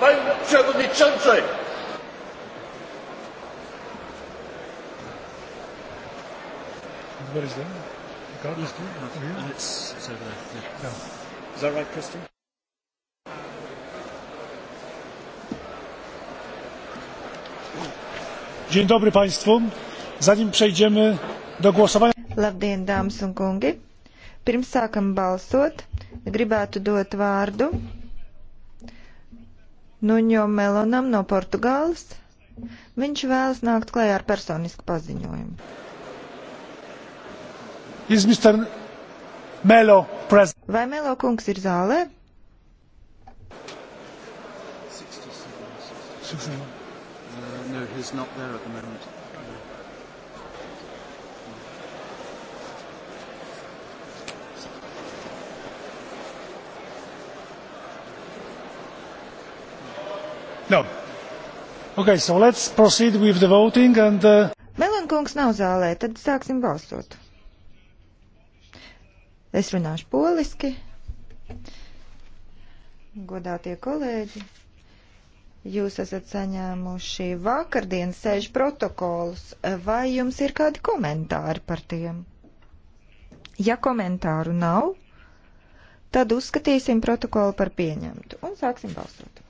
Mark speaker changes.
Speaker 1: Panie Przewodniczący!
Speaker 2: What is that? The card is there? Yeah. Uh, And it's,
Speaker 3: it's over there. Yeah. yeah. Is that right, Christy?
Speaker 4: Dzień dobry Państwu.
Speaker 5: Zanim przejdziemy do głosowania. Labdien, dāmas un kungi! Pirms sākam balsot, gribētu dot vārdu Nuņo Melonam no Portugāles. Viņš vēlas nākt klajā ar personisku paziņojumu. Melo Vai Melo kungs ir zālē?
Speaker 6: Uh, no, he's not there at the moment.
Speaker 4: No. Okay, so let's proceed with the voting and. Uh...
Speaker 5: Melankungs nav zālē, tad sāksim balsot. Es runāšu poliski. Godātie kolēģi, jūs esat saņēmuši vakardienas sēžu protokolus. Vai jums ir kādi komentāri par tiem? Ja komentāru nav, tad uzskatīsim protokolu par pieņemtu un sāksim balsot.